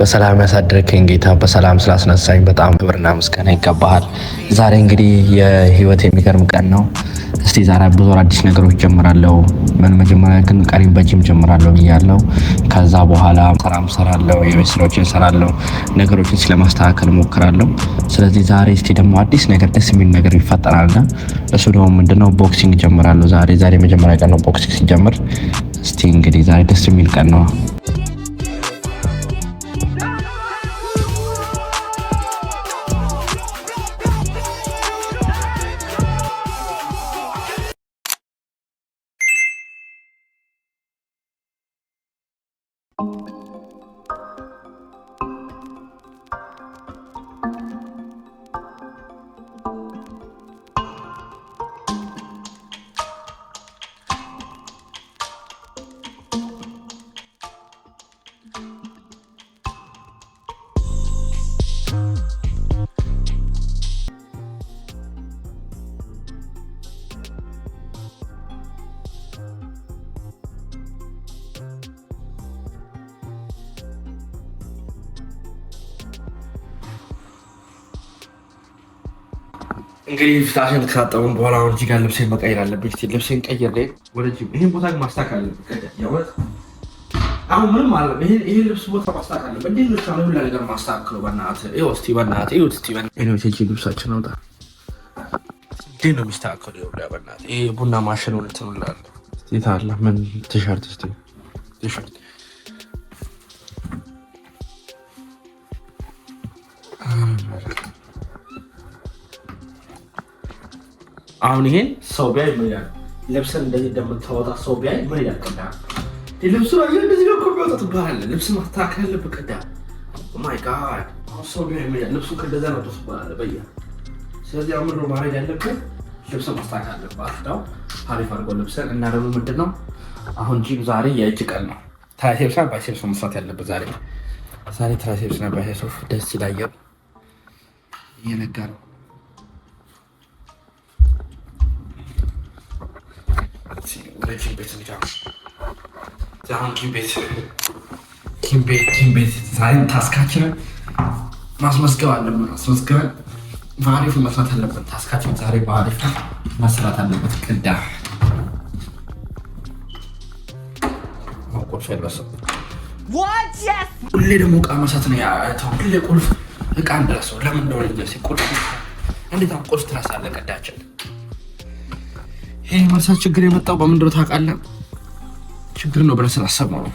በሰላም ያሳደረከኝ ጌታ በሰላም ስላስነሳኝ በጣም ክብርና ምስጋና ይገባሃል። ዛሬ እንግዲህ የህይወት የሚገርም ቀን ነው። እስቲ ዛሬ ብዙ አዲስ ነገሮች ጀምራለሁ። ምን መጀመሪያ ግን ቀሪም በጂም ጀምራለሁ ብያለሁ። ከዛ በኋላ ስራም ሰራለሁ፣ የቤት ስራዎችን ሰራለሁ፣ ነገሮችን ስለማስተካከል ሞክራለሁ። ስለዚህ ዛሬ እስቲ ደግሞ አዲስ ነገር ደስ የሚል ነገር ይፈጠራልና እሱ ደግሞ ምንድነው ቦክሲንግ ጀምራለሁ። ዛሬ ዛሬ መጀመሪያ ቀን ነው ቦክሲንግ ሲጀምር። እስቲ እንግዲህ ዛሬ ደስ የሚል ቀን ነው። እንግዲህ ፊታሽን ከታጠብን በኋላ አሁን እዚህ ጋር ልብሴን መቀየር አለብኝ። ልብሴን ቀየር ላይ ወደ ይህን ቦታ ማስታክ አለብኝ። አሁን ምንም አለ ይህ ልብስ ቦታ ማስታክ አለ እንዴት ልብስ አለ ሁላ ነገር ማስታክ ነው። ስቲ በናት በእናትህ እስኪ በእናትህ ጂ ልብሳችን አውጣ። እንዴት ነው የሚስተካከሉ? ይወዳ በናት ይሄ ቡና ማሽን ሁነትንላለ ስቴት አለ ምን ቲሸርት ስ ቲሸርት አሁን ይሄን ሰው ቢያይ ምን ይላል? ልብስን እንደዚህ እንደምታወጣ ሰው ቢያይ ምን ይላል? ቀዳ ልብሱ ላይ እንደዚህ ነው ኮሚወጣ ትባላለህ። ልብስ ማስተካከል አለብህ። ቀዳ ማይ oh ጋድ አሁን ሰው ቢያይ ምን ይላል? ልብሱ ከእንደዛ ነው ትባላለህ በያ ስለዚህ አምሮ ምንድን ነው ማድረግ ያለብህ? ልብስ ማስተካከል አለብህ። አፍዳው አሪፍ አድርጎ ልብስን እና ደግሞ ምንድን ነው አሁን ጂም ዛሬ የእጅ ቀን ነው። ትራይሴፕስና ባይሴፕስ መስራት ያለበት ዛሬ ዛሬ ትራይሴፕስና ባይሴፕስ ደስ ይላየው እየነጋ ነው ረጅም ቤት እንግዳ አሁን ኪም ቤት ኪም ቤት ቤት ዛሬ ታስካችንን ማስመዝገብ አለብን። በአሪፉ መስራት አለበት። ታስካችን ዛሬ በአሪፉ መስራት አለበት። ቅዳ ቁልፍ ሁሌ ደግሞ እቃ መሳት ነው ሁሌ ቁልፍ እቃ እንደረሰው ለምን እንደሆነ ቁልፍ እንዴት ቁልፍ ትረሳለህ? ቅዳችን ይህ የመርሳት ችግር የመጣው በምንድነው ታውቃለህ? ችግር ነው ብለህ ስላሰብነው ነው።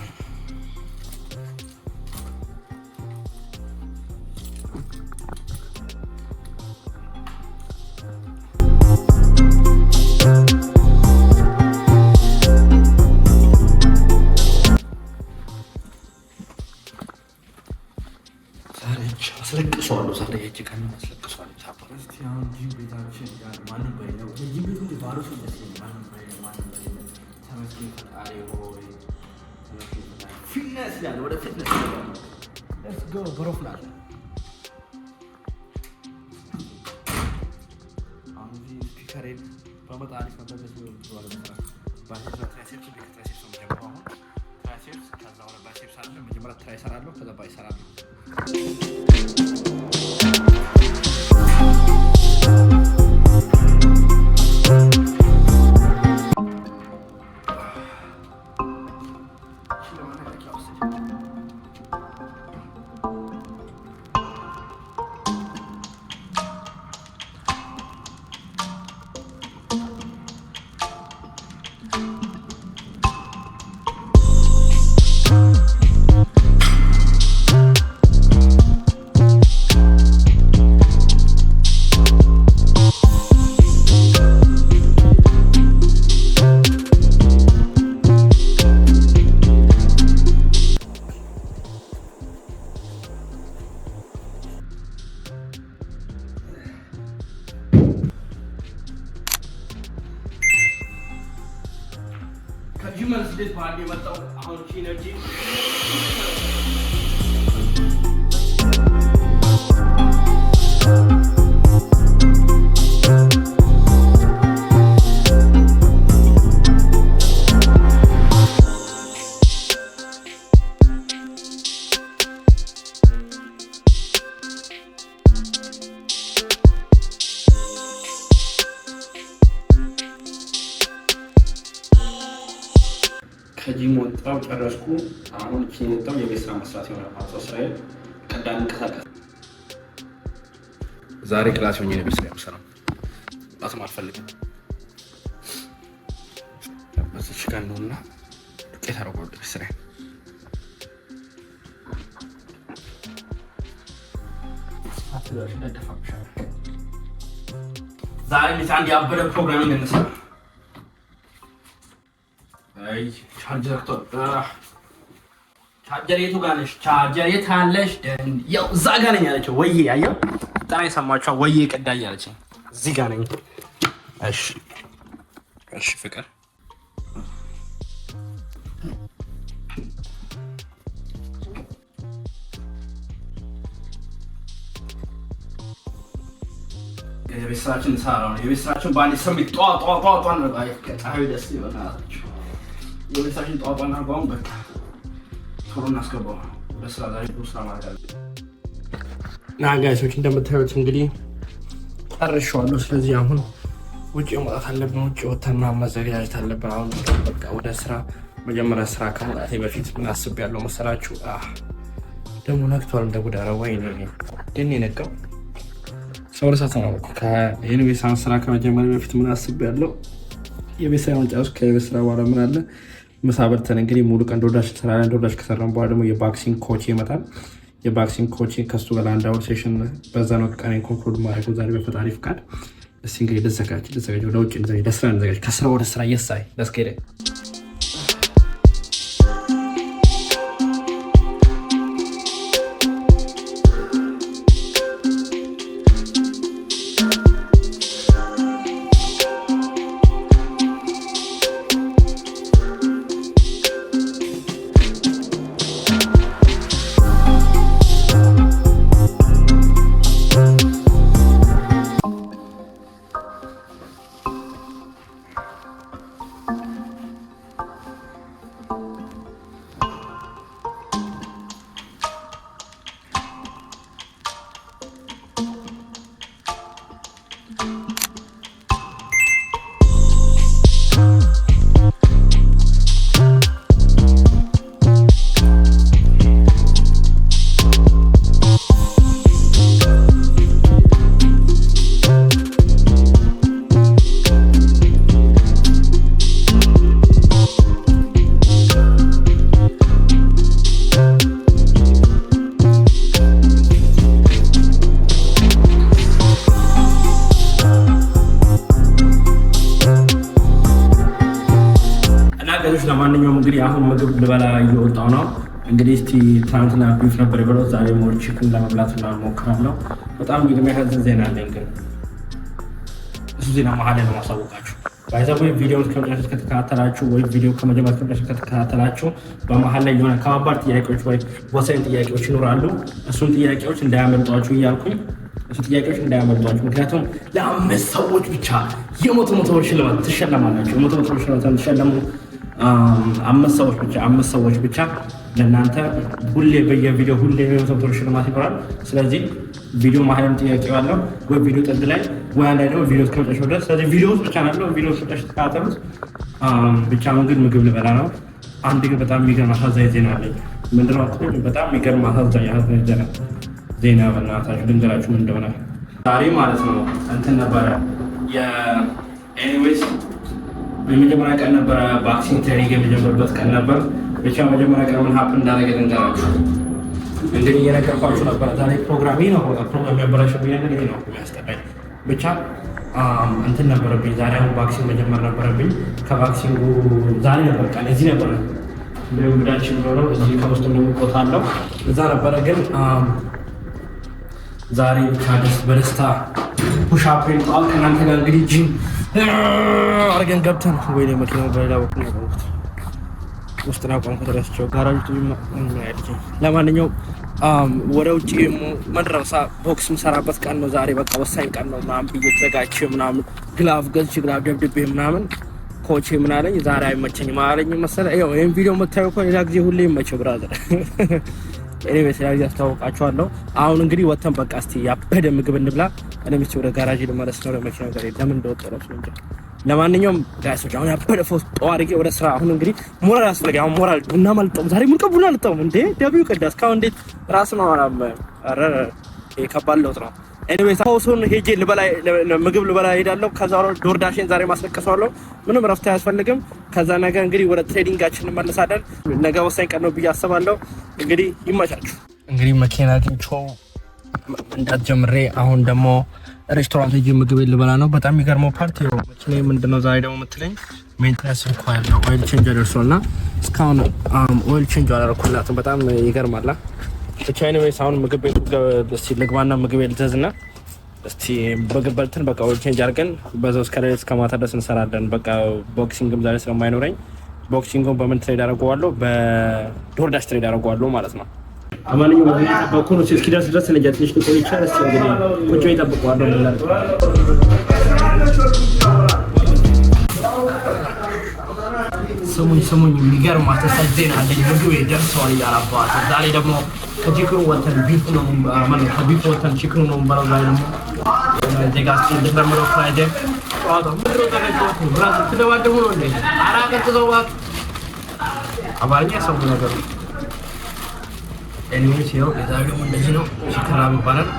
ወደ ፊትነስ ሌትስ ጎ ብሮፍላል ስፒከሬን በመጣ አሪፍ ነበር። ለዚህ ትራይሴፕስ ከዛ ወደ ባይሴፕስ አለ። መጀመሪያ ትራይ እሰራለሁ፣ ከዛ ባይ እሰራለሁ። ከሂውመን ስዴት ባህል የመጣው አሁን ኢነርጂ Thank ሲመጣው የቤት ስራ መስራት ይሆናል ማለት ነው። ስራዬ ቀዳሚ እንቀሳቀስ ዛሬ ክላስ ሆኜ ነው የቤት ስራ የምሰራው። ማትም አልፈልግም በዚች ቀን ነው ዱቄት አረጓዱ ስራ ዛሬ ቤት አንድ ያበደ ፕሮግራሚንግ እንሰራ ቻርጅ ዘግቷል። ቻርጀሬቱ ጋር ነሽ፣ ቻርጀሬ ታለሽ ደን ያው እዛ ጋር ነኝ አለችው። ወይዬ አየው በጣም የሰማችኋል። ወይዬ ቅዳኝ አለችኝ። እዚህ ጋር ነኝ። እሺ እሺ ፍቅር የቤት ስራችን እንሰራ ነው። የቤት ስራችን በአንድ ሰው ጠዋ በቃ ፀሐዩ ደስ ይበናላችሁ። የቤት ስራችን ጠዋጧን አርባውን በቃ ቶሎ ና ጋይሶች፣ እንደምታዩት እንግዲህ ጨርሼዋለሁ። ስለዚህ አሁን ውጭ መውጣት አለብን። ውጭ ወተና መዘጋጀት አለብን። አሁን በቃ ወደ ስራ መጀመሪያ ስራ ከመውጣቴ በፊት ምን አስቤያለሁ መሰላችሁ? ደግሞ ነግቷል እንደ ጉድ። ኧረ ግን የነቀው ሰው ልሳት ነው። የዩኒቨርሲቲ ስራ ከመጀመሪያ በፊት ምን አስቤያለሁ? የቤት ስራ ከቤት ስራ በኋላ ምን አለ ምሳ በልተን እንግዲህ ሙሉ ቀን ዶርዳሽ እንሰራለን። ዶርዳሽ ከሰራን በኋላ ደግሞ የባክሲንግ ኮች ይመጣል። የባክሲንግ ኮች ከሱ ጋር አንድ አወር ሴሽን በዛ ነው ቀኔን ኮንክሉድ ማድረግ ዛሬ በፈጣሪ ፍቃድ። እስኪ እንግዲህ ልዘጋጅ ልዘጋጅ፣ ወደ ውጭ ልዘጋጅ፣ ለስራ ልዘጋጅ፣ ከስራ ወደ ስራ እየሳይ ለስኬደ ልበላ እየወጣው ነው። እንግዲህ እስቲ ትናንትና ቢፍ ነበር የበለው ዛሬ ሞር ቺክን ለመብላት ና ሞክራለሁ። በጣም የሚያሳዝን ዜና አለኝ፣ ግን እሱ ዜና መሀል ነው ማሳወቃችሁ ባይዛ ወይ ቪዲዮ ከመጨረሻ ከተከታተላችሁ ወይ ቪዲዮ ከመጀመሪያ ከመጨረሻ ከተከታተላችሁ በመሀል ላይ የሆነ ከባባድ ጥያቄዎች ወይ ወሳኝ ጥያቄዎች ይኖራሉ። እሱን ጥያቄዎች እንዳያመልጧችሁ እያልኩኝ እሱ ጥያቄዎች እንዳያመልጧችሁ፣ ምክንያቱም ለአምስት ሰዎች ብቻ የመቶ መቶ ብር ሽልማት ትሸለማላችሁ። የመቶ መቶ ብር ሽልማት ትሸለሙ አምስት ሰዎች ብቻ አምስት ሰዎች ብቻ ለእናንተ ሁሌ በየቪዲዮ ሁሌ በመቶ ሽልማት ይኖራል። ስለዚህ ቪዲዮ ማህለም ጥያቄ ያለው ወይ ቪዲዮ ጥግ ላይ ወይ ላይ ደግሞ ቪዲዮ እስከመጨረሻው ድረስ ስለዚህ ቪዲዮ ብቻ ናለው ቪዲዮ ስጠሽ ተካተሉት። ብቻ ግን ምግብ ልበላ ነው። አንድ ግን በጣም የሚገርም አሳዛኝ ዜና አለኝ። ምንድነው? በጣም የሚገርም አሳዛኝ አሳዛኝ ዜና ዜና በእናታችሁ ልንገራችሁ እንደሆነ ዛሬ ማለት ነው እንትን ነበረ የኤኒዌይስ የመጀመሪያ ቀን ነበረ። በአክሲን ትሬኒንግ የመጀመርበት ቀን ነበር። ብቻ መጀመሪያ ቀን ምን ሀፕን እንዳደረገ ልንገራችሁ። እንግዲህ እየነገርኳችሁ ነበረ። ዛሬ ፕሮግራም ነው ፕሮግራም ያበላሸብኝ ነገር ይሄ ነው የሚያስጠላኝ። ብቻ እንትን ነበረብኝ ዛሬ። አሁን በአክሲን መጀመር ነበረብኝ። ከቫክሲንጉ ዛሬ ነበር ቀን እዚህ ነበረ እንግዳችን ሆነው እዚህ ከውስጥ እንደምቆታ አለው እዛ ነበረ ግን ዛሬ ብቻ ደስ በደስታ ፑሻፕን ጠዋት ከእናንተ ጋር እንግዲህ ጂም አርገን ገብተን ወይ መኪና በሌላ በኩል ያቆምኩት ውስጥ ናቋም ከተደስቸው ጋራጅ ለማንኛውም ወደ ውጭ መድረሳ ቦክስ ምሰራበት ቀን ነው ዛሬ። በቃ ወሳኝ ቀን ነው ምናምን ብዬ ተዘጋጅቼ ምናምን ግላፍ ገዝቼ ግላፍ ደብድቤ ምናምን ኮቼ ምን አለኝ ዛሬ አይመቸኝም አለኝ መሰለህ። ይሄን ቪዲዮ መታየው እኮ ሌላ ጊዜ ሁሌ ይመቸው ብራዘር እኔ በተለያዩ ያስተዋወቃችኋለሁ። አሁን እንግዲህ ወተን በቃ እስቲ ያበደ ምግብ እንብላ። እኔ ሚስት ወደ ጋራጅ ልመለስ ነው። ለመኪና ጋር ለምን እንደወጣ ነው እንጂ ለማንኛውም ጋሶች አሁን ያበደ ፎስ ጠዋርጌ ወደ ስራ። አሁን እንግዲህ ሞራል አስፈላጊ አሁን ሞራል ቡና ማልጠሙ ዛሬ ሙልቀ ቡና አልጠሙ እንዴ ደብዩ ቅዳስ ካሁን እንዴት ራስ ነው አራም ረ ከባድ ለውጥ ነው። ኤኒዌይስ ሳውሱን ሄጄ ልበላ ምግብ ልበላ ሄዳለሁ። ከዛ ነው ዶርዳሽን ዛሬ ማስለቀሰዋለሁ። ምንም ረፍት አያስፈልግም። ከዛ ነገ እንግዲህ ወደ ትሬዲንጋችን እንመለሳለን። ነገ ወሳኝ ቀን ነው ብዬ አስባለሁ። እንግዲህ ይመቻችሁ። እንግዲህ መኪና አግኝቼው መንዳት ጀምሬ አሁን ደግሞ ሬስቶራንት ሄጄ ምግብ ልበላ ነው። በጣም የሚገርመው ፓርቲ ነው መኪና ምንድነው ዛሬ ደግሞ የምትለኝ ሜንቴናንስ እንኳ ያለው ኦይል ቼንጅ ደርሶ እና እስካሁን ኦይል ቼንጅ አላረኩላትም። በጣም ይገርማላ ብቻ ኤኒዌይስ፣ አሁን ምግብ ቤቱ እስኪ ልግባና ምግብ ልትዝና እስቲ ምግብ በልተን በቃ ቼንጅ አድርገን በዛው እስከ ሌሊት እስከ ማታ ድረስ እንሰራለን። በቃ ቦክሲንግም ዛሬ ስለማይኖረኝ ቦክሲንግም በምን ትሬድ አደርገዋለሁ? በዶርዳሽ ትሬድ አደርገዋለሁ ማለት ነው። አማንኛው ድረስ ነጃ ትንሽ ልቆይ ይቻል። እስኪ ስሙኝ ስሙኝ፣ የሚገርም አስደሳች ዜና አለኝ። ምግብ ደርሰዋል እያላባዋል ዛሬ ደግሞ ከችክሩ ወተን ቢፉ ነው ከቢፉ ወተን ነው ምበለው። ዛሬ ደግሞ ዜጋ እንደተለመደው ፍራይዴ ነው ትደባደቡ ነው እንዴ? አራ አማርኛ ሰው ነገሩ ኤኒዌይስ ይኸው እንደዚህ ነው። ችክር ራብ ይባላል።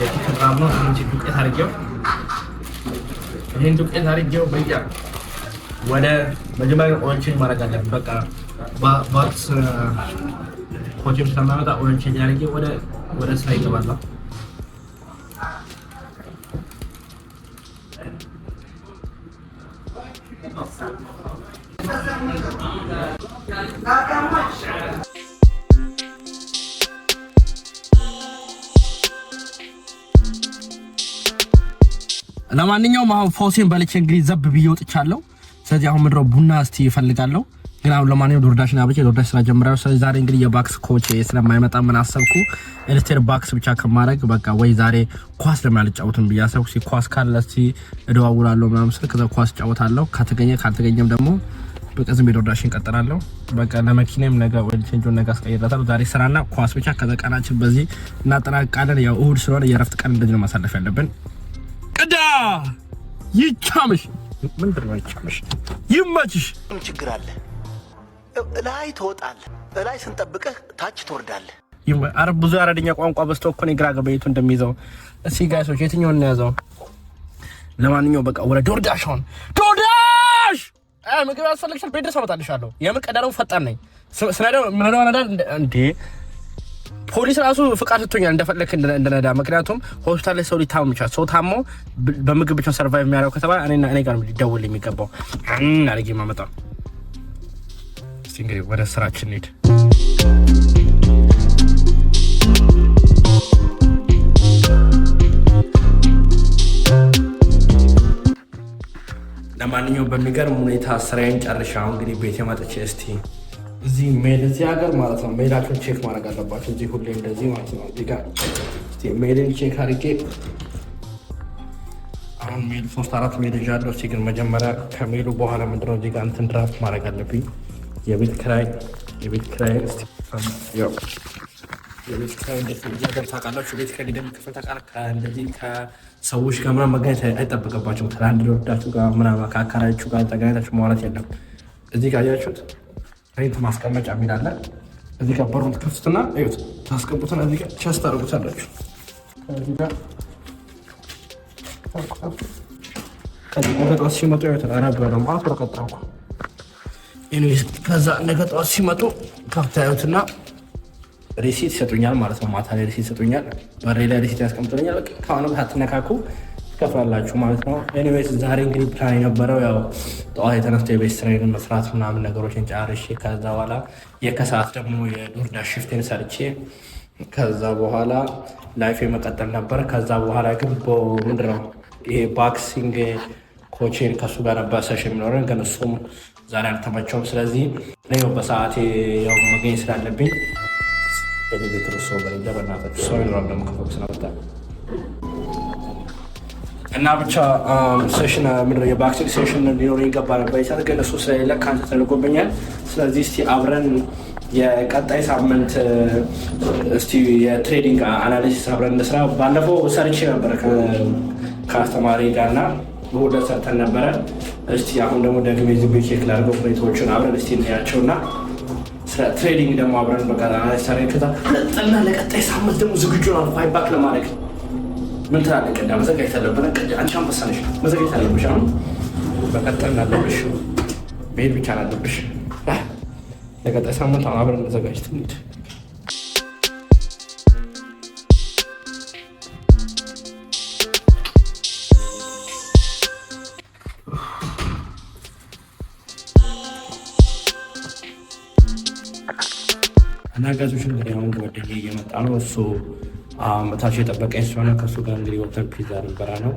የችክር ራብ ነው። ትንሽ ዱቄት አድርጌው ይህን ዱቄት አድርጌው በያ ወደ መጀመሪያ ቆንችን ማድረግ አለብን። በቃ ባክስ ኮችም ስለማይመጣ ኦረንጅ ያደርጌ ወደ ወደ ስራ ይገባለሁ። ለማንኛውም አሁን ፎሴን በልቼ እንግዲህ ዘብ ብዬ ወጥቻለሁ። ስለዚህ አሁን ምድረው ቡና እስቲ ይፈልጋለሁ ግን አሁን ለማንኛውም ዶርዳሽን አብቼ ዶርዳሽ ስራ ጀምራለሁ። ስለዚህ ዛሬ እንግዲህ የባክስ ኮች ስለማይመጣ ምን አሰብኩ፣ ኤልስቴር ባክስ ብቻ ከማድረግ በቃ ወይ ዛሬ ኳስ ለምን አልጫወትም ብዬ አሰብኩ። እስኪ ኳስ ካለ እስኪ እደዋውላለሁ ምናምን ስል ከዛ ኳስ እጫወታለሁ። ከተገኘ ካልተገኘም ደግሞ በቃ ዝም ብዬ ዶርዳሽን እቀጥላለሁ። በቃ ለመኪናም ነገ ኦይል ቼንጆን ነገ አስቀይራታለሁ። ዛሬ ስራና ኳስ ብቻ። ከዛ ቀናችን በዚህ እናጠናቅቃለን። ያው እሁድ ስለሆነ የእረፍት ቀን እንደዚህ ነው ማሳለፍ ያለብን። ቅዳ ይቻምሽ ምንድን ነው ይቻምሽ፣ ይመችሽ ችግር አለ ላይ ትወጣል። እላይ ስንጠብቅህ ታች ትወርዳለህ። አረብ ብዙ አረደኛ ቋንቋ በስቶ እኮ ግራ ገበየቱ እንደሚይዘው። እስኪ ጋይሶች የትኛውን ያዘው? ለማንኛውም በቃ ወደ ዶርዳሽ አሁን ዶርዳሽ ምግብ ያስፈልግሻል፣ ቤት ድረስ አመጣልሻለሁ። የምቀዳደው ፈጣን ነኝ። ስነዳው ምንዳው ነዳ እንዴ ፖሊስ ራሱ ፍቃድ ሰጥቶኛል እንደፈለክ እንደነዳ። ምክንያቱም ሆስፒታል ላይ ሰው ሊታመም ይችላል። ሰው ታሞ በምግብ ብቻ ሰርቫይቭ የሚያደርገው ከተባለ እኔ ጋር ሊደውል የሚገባው አድርጌ ማመጣው እስቲ እንግዲህ ወደ ስራችን ሄድ ለማንኛውም በሚገርም ሁኔታ ስራዬን ጨርሻ አሁን እንግዲህ ቤት መጥቼ እስቲ እዚህ ሜል እዚህ ሀገር ማለት ነው ሜላቸውን ቼክ ማድረግ አለባቸው። እዚህ ሁሌ እንደዚህ ማለት ነው እዚህ ጋር እስቲ ሜልን ቼክ አድርጌ አሁን ሜል ሶስት አራት ሜል ይዣለሁ። እስቲ ግን መጀመሪያ ከሜሉ በኋላ ምንድነው እዚህ ጋር እንትን ድራፍት ማድረግ አለብኝ። የቤት ኪራይ የቤት ኪራይ የቤት ኪራይ ታውቃላችሁ። የቤት ኪራይ እንደሚከፈል ታውቃለህ። እንደዚህ ከሰዎች ጋር ምናምን መገናኘት አይጠበቅባችሁም። ከአንድ ጋር ምናምን ከአካራችሁ ጋር ተገናኝታችሁ ማውራት የለም። እዚህ ጋር ያችሁት ሬንት ማስቀመጫ የሚል እዚህ ጋር በሩን ትከፍቱትና እዩት፣ ታስቀምጡትና እዚህ ጋር ቸስ ታደርጉታላችሁ። ከዚህ ጋር ከዚህ ጋር ተቀስ ሲመጡ እዩት ረብ ለማለት ወረቀጣኩ ከዛ ነገ ጠዋት ሲመጡ ከፍታ ሪሲት ይሰጡኛል ማለት ነው። ማታ ላይ ሪሲት ይሰጡኛል፣ በሬ ላይ ሪሲት ያስቀምጡልኛል። ከአሁኑ ሳትነካኩ ትከፍላላችሁ ማለት ነው። ኤኒዌይስ ዛሬ እንግዲህ ፕላን የነበረው ያው ጠዋት የተነስቶ የቤት ስራዬን መስራት ምናምን ነገሮችን ጨርሼ ከዛ በኋላ የከሰዓት ደግሞ የዱርዳ ሽፍቴን ሰርቼ ከዛ በኋላ ላይፍ የመቀጠል ነበር። ከዛ በኋላ ግን ምንድን ነው ይሄ ባክሲንግ ኮቼን ከሱ ጋር ነበር ሰሽ የሚኖረን ግን እሱም ዛሬ አልተመቸውም። ስለዚህ ነው በሰዓት ያው መገኝ ስላለብኝ በቤት ርሶ በሌለ በእናታችሁ ሰው ይኖራል ደግሞ ከፎቅ ስለመጣ እና ብቻ ሴሽን ምድ ነው ሴሽን ሊኖር ይገባ ነበር ሰት ግን እሱ ስለሌለ ካንስ ተልጎብኛል። ስለዚህ እስቲ አብረን የቀጣይ ሳምንት እስቲ የትሬዲንግ አናሊሲስ አብረን እንስራ። ባለፈው ሰርቼ ነበረ ከአስተማሪ ጋርና በሁለት ሰርተን ነበረ እስቲ አሁን ደግሞ ደግሜ ዝቤ ቼክ ላድርገው ሁኔታዎቹን አብረን እስቲ እንያቸው እና ስለ ትሬዲንግ ደግሞ አብረን በጋራ ናሳሪ ከዛ ለጥና ለቀጣይ ሳምንት ደግሞ ዝግጁ ነው ፋይባክ ለማድረግ ምን ትላለህ? ቀዳ መዘጋጀት አለብን። አንቺ አንበሳ መዘጋጀት አለብሽ። አሁን በቀጠል አለብሽ፣ መሄድ ብቻ አለብሽ። ለቀጣይ ሳምንት አሁን አብረን መዘጋጀት እንሂድ። ተዘጋጆች እንግዲህ አሁን ጓደኛ እየመጣ ነው። እሱ ታች የጠበቀኝ ስለሆነ ከእሱ ጋር እንግዲህ ወተን ፒዛ ነበረ ነው።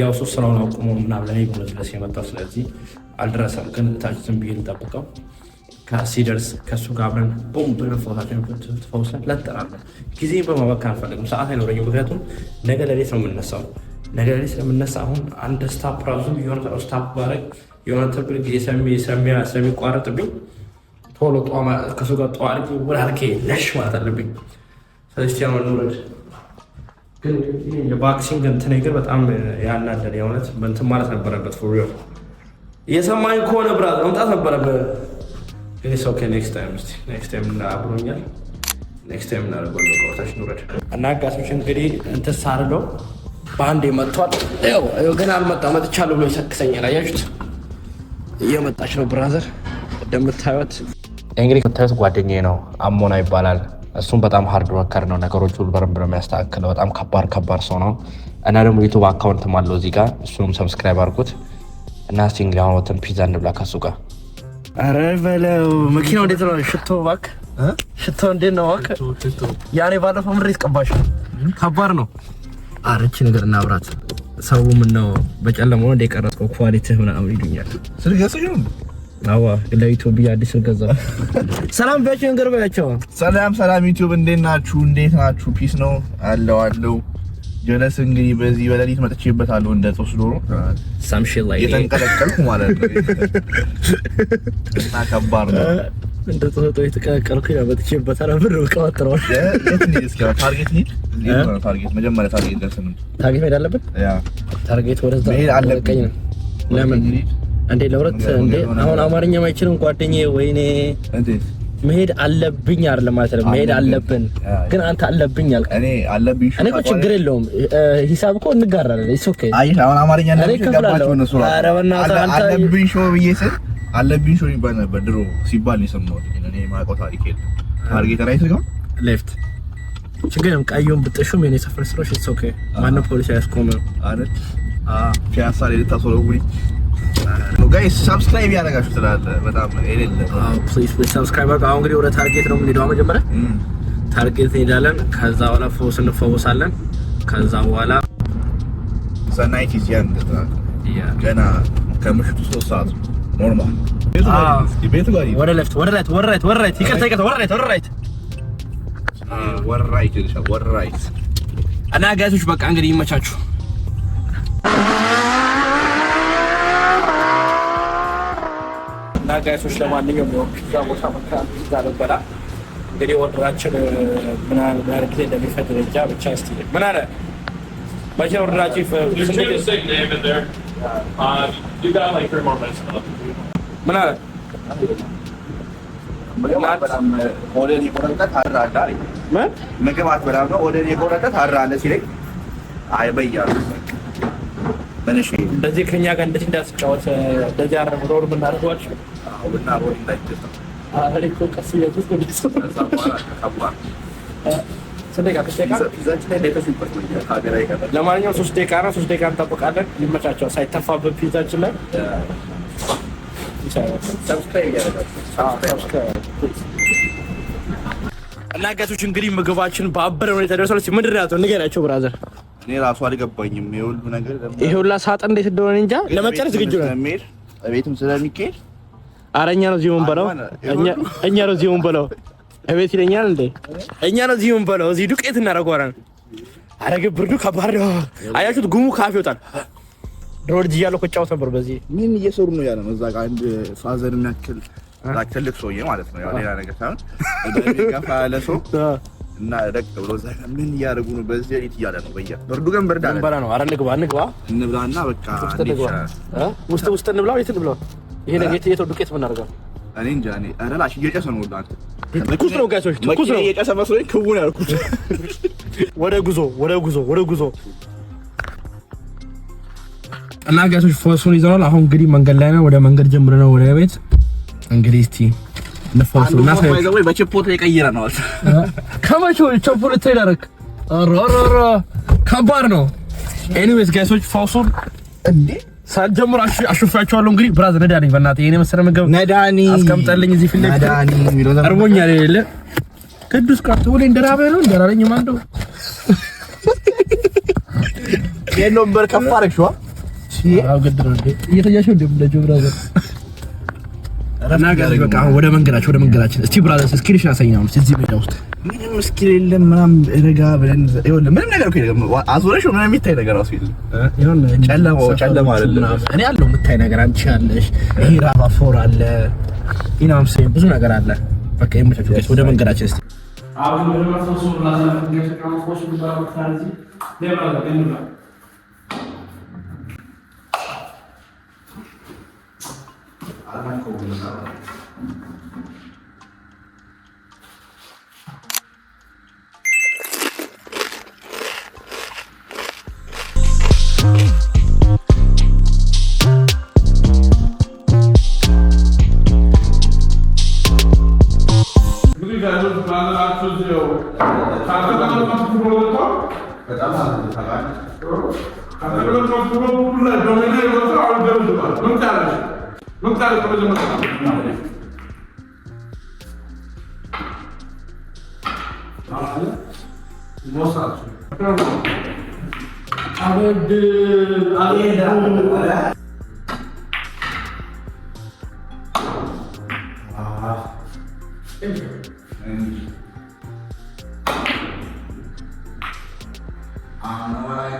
ያው እሱ ስራውን አቁሞ ምናምን እኔ ድረስ የመጣው ስለዚህ አልደረሰም፣ ግን እታች ዝም ብዬ ልጠብቀው ሲደርስ ከእሱ ጋር አብረን ቦም ብለን ፎታችን ፈውሰን ለጠናለን። ጊዜ በማባከን አልፈለግም፣ ሰዓት አይኖረኝም። ምክንያቱም ነገ ለሌት ነው የምነሳው። ነገ ለሌት ስለምነሳ አሁን አንድ ስታፕ ራሱ የሆነ ስታፕ ባረግ የሆነ ትብል ጊዜ ስለሚቋረጥብኝ ቶሎ ከሱ ጋር ጠዋ አድርጌ ወላልኬ ለሽ ማለት አለብኝ። ሰለስቲያኖ ኑረድ ግን የባክሲንግ እንትን ግን በጣም ያናደደ የእውነት በእንትን ማለት ነበረበት። ፎር ሪል እየሰማኝ ከሆነ ብራ መምጣት ነበረበት። ኦኬ ኔክስት ታይም ስ ኔክስት ታይም አብሮኛል። ኔክስት ታይም እናደርገዋለን። ቆርታሽ ንውረድ እና ጋሶች እንግዲህ እንትን ሳርለው በአንዴ መጥቷል። ይኸው ግን አልመጣ መጥቻለሁ ብሎ ይሰክሰኛል። አያችሁት? እየመጣች ነው ብራዘር እንደምታዩት እንግዲህ ከታዩት ጓደኛዬ ነው፣ አሞና ይባላል። እሱም በጣም ሀርድ ወርከር ነው። ነገሮች ሁሉ በደንብ ነው የሚያስተካክለው። በጣም ከባድ ከባድ ሰው ነው እና ደግሞ ዩቱብ አካውንትም አለው እዚህ ጋር እሱንም ሰብስክራይብ አድርጉት እና እስኪ እንግዲህ አሁን ወተን ፒዛ እንብላ ከሱ ጋር። ኧረ በለው መኪናው እንዴት ነው? ሽቶ ባክ ሽቶ እንዴት ነው ባክ? ያኔ ባለፈው ምሬት ቀባሽ ከባድ ነው። አረቺ ነገር እናብራት ሰው ምነው በጨለማ እንደ የቀረጽከው ኳሊቲ ምናምን ይሉኛል ስልገጽ አዋ ለዩቲዩብ አዲስ ገዛ። ሰላም በያቸው እንገር በያቸው። ሰላም ሰላም ዩቲዩብ እንዴት ናችሁ? እንዴት ናችሁ? ፒስ ነው አለው አለው። ጀለስ እንግዲህ በዚህ በሌሊት መጥቼበታለሁ እንደ ጥብስ ዶሮ ሳምሽ ላይ የተንቀለቀልኩ ማለት ነው። እና ከባድ ነው እንደ ተሰጦ የተቀቀልኩ ያ መጥቼበታለሁ። ብር ቀወጥረዋል። ታርጌት ኒድ ታርጌት መጀመሪያ ታርጌት ደርሰን ታርጌት መሄድ አለብን። ያ ታርጌት ወደዛ መሄድ አለብን። ለምን እንዴ ለሁለት እንዴ አሁን አማርኛ ማይችልም ጓደኛዬ፣ ወይኔ መሄድ አለብኝ አይደል ማለት ነው። መሄድ አለብን ግን አንተ አለብኝ አልክ። እኔ አለብኝ እኔ እኮ ችግር የለውም ሂሳብ እኮ እንጋራለን። ኢትስ ኦኬ። አይ አሁን አማርኛ እንደምትጋባቸው ነው ሱራ አረበና አንተ አለብኝ ሾ ብዬ ስል አለብኝ ሾ ይባል ነበር ድሮ ሲባል ነው የሰማሁት እኔ ማውቀው ታሪክ የለም። ታርጌት ራይት ነው ሌፍት ችግር የለም። ቀዩን ብጥሹም የኔ ሰፈር ስሮች ኢትስ ኦኬ። ማንም ፖሊስ አያስቆምም አይደል? አ ፒያሳ ላይ ልታስወረውኝ ጋይስ ሰብስክራይብ ያደረጋችሁ ስላለ በጣም የሌለ ፕሊዝ ፕሊዝ ሰብስክራይብ አድርጉ። አሁን እንግዲህ ወደ ታርጌት ነው የምንሄደው። መጀመሪያ ታርጌት እንሄዳለን። ከዛ በኋላ ፎስ እንፈወሳለን። ከዛ በኋላ ሰናይት ይዚያን ገና ከምሽቱ ሶስት ሰዓት ኖርማል እና ጋይሶች በቃ እንግዲህ ይመቻችሁ። ጋይሶች ለማንኛውም የሆን ፒዛ ቦታ መካ ፒዛ ነበራ። እንግዲህ ኦርደራችን ምን ያህል ጊዜ እንደሚፈጅ እንጃ ብቻ ስ ምን አለ መቼ ኦርደራችን uh, ምን አለ ምግብ አትበላም ነው ኦደን የቆረጠት አራለ ሲለኝ አይበያሉ እንደዚህ ከኛ ጋር እንደዚህ እንዳስጫወት እንደዚህ አረ ሮድ ምናደርጓቸው አውልና ሮድ ለማንኛውም ሶስት ደቂቃ ነው። ሶስት ደቂቃ እንጠብቃለን። ይመቻቸዋል። ሳይተፋበት ፒዛችን ላይ እና ጋቶች እንግዲህ ምግባችን በአበረ ሁኔታ ደርሷል። እስኪ ምንድን ነው ያልከው ንገሪያቸው ብራዘር። እኔ ራሱ አልገባኝም። ይሄ ሁሉ ነገር ይሄ ሁላ ሳጥን እንዴት እንደሆነ እንጃ። ለመጨረስ ዝግጁ ነው። ቤትም ስለሚካሄድ ኧረ እኛ ነው እዚህ የምንበላው፣ እኛ ነው እዚህ የምንበላው። እቤት ይለኛል እንዴ? እኛ ነው እዚህ የምንበላው። እዚህ ዱቄት እናደርገዋለን። ኧረ ግን ብርዱ ከባድ ነው። አያችሁት? ጉሙ ካፍ ይወጣል። ድሮ ልጅ እያለሁ እኮ እጫወት ነበር። በዚህ ምን እየሰሩ ነው ያለ ነው እዛ ጋር አንድ ፋዘር የሚያክል ትልቅ ሰውዬ ማለት ነው። ያው ሌላ ነገር ሳይሆን ከፋ ያለ ሰው እና ደቅ ብሎ እዛ ጋር ምን እያደረጉ ነው? በዚህ ሌሊት እያለ ነው በያ ብርዱ ግን ብርድ አለ። እንበላ ነው። ኧረ እንግባ እንግባ እንብላና በቃ ውስጥ ውስጥ እንብላ፣ ቤት እንብላ ይሄ የተው ዱቄት ብናደርገው እኔ እንጃ። እኔ ኧረ ላሽ እየጨሰ ነው። አንተ ትኩስ ነው ትኩስ ነው። እየጨሰ መስሎኝ ያልኩት። ወደ ጉዞ፣ ወደ ጉዞ፣ ወደ ጉዞ እና ይዘናል። አሁን እንግዲህ መንገድ ላይ ነው። ወደ መንገድ ጀምረ ነው ወደ ቤት እንግዲህ እስቲ ንፋሱ እና በቺፖት ነው። ከመቼ ቺፖት ከባድ ነው። ኤኒዌይስ እንዴ ሳልጀምር አሹፋቸዋለሁ። እንግዲህ ብራዝ ነዳኒ፣ ነኝ። በእናትህ የእኔ መሰለ ምግብ ነዳኒ አስቀምጠልኝ እዚህ ፊት ለፊት እርቦኛል። የሌለ ቅዱስ ቀርቶ ወለ እንደራበ ነው እንደራበኝ ማንዶ የለም በር ከፋ አደረግሽዋ አው ግድ ነው እየተያሸው እንደምለጀው ብራዘር ወደ መንገዳችን ወደ መንገዳችን። እስቲ ብራዘርስ እስኪልሽን አሳይኝ። አሁን እዚህ ሜዳ ውስጥ ምንም እስኪል የለም ምናምን ረጋ ብለን ምንም ነገር አዙረሽ ምናምን የሚታይ ነገር ጨለማ ጨለማ አይደለም። እኔ አለው የምታይ ነገር አንቺ አለሽ። ይሄ ራባ ፎር አለ ኢናም ሰይ ብዙ ነገር አለ። በቃ የምትፈቅደው ወደ መንገዳችን እስቲ አሁን 阿拉贡。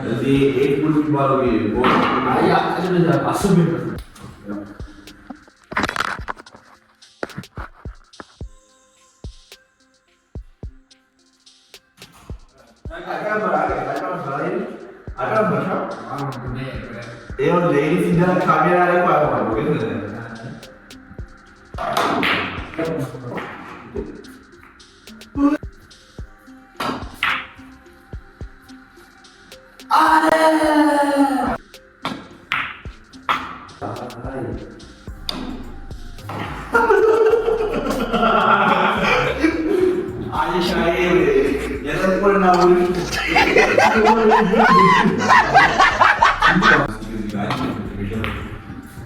여기 1분이 바로 위에 있고 뭐 아예 아주 그냥 맞습니다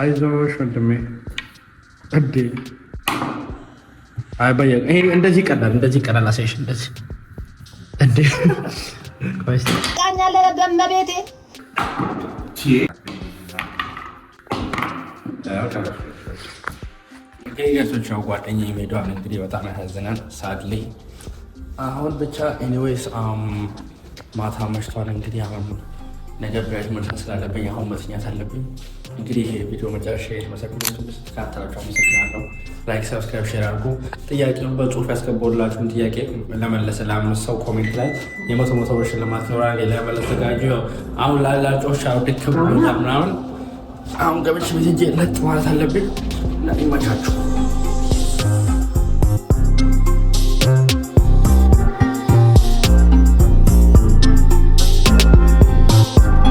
አይዞሽ ወንድሜ። እንዴ አይ ይሄ እንደዚህ ይቀላል፣ እንደዚህ ይቀላል። አሳይሽ እንደዚህ እንዴ ቆይስ ታኛ ለደም ቤቴ ገሶች ያው ጓደኛዬ ሄደዋል። እንግዲህ በጣም ያሳዝናል። ሳድሌ አሁን ብቻ ኤኒዌይስ ማታ መሽቷል እንግዲህ አሁን ነገ ብራይት መድረስ ስላለብኝ አሁን መተኛት አለብኝ። እንግዲህ ይሄ ቪዲዮ መጨረሻ የተመሰክሉት ተካተላቸው አመሰግናለሁ። ላይክ፣ ሰብስክራይብ፣ ሼር አድርጉ። ጥያቄውን በጽሁፍ ያስገባሁላችሁን ጥያቄ ለመለሰ ለአምስት ሰው ኮሜንት ላይ የመቶ መቶ ብር ሽልማት ይኖራል። ሌላ መለተጋጁ አሁን ላላቸው ሻርድክብ ምናምን አሁን ገበች ቤት ሂጅ ለጥ ማለት አለብኝ ይመቻችሁ።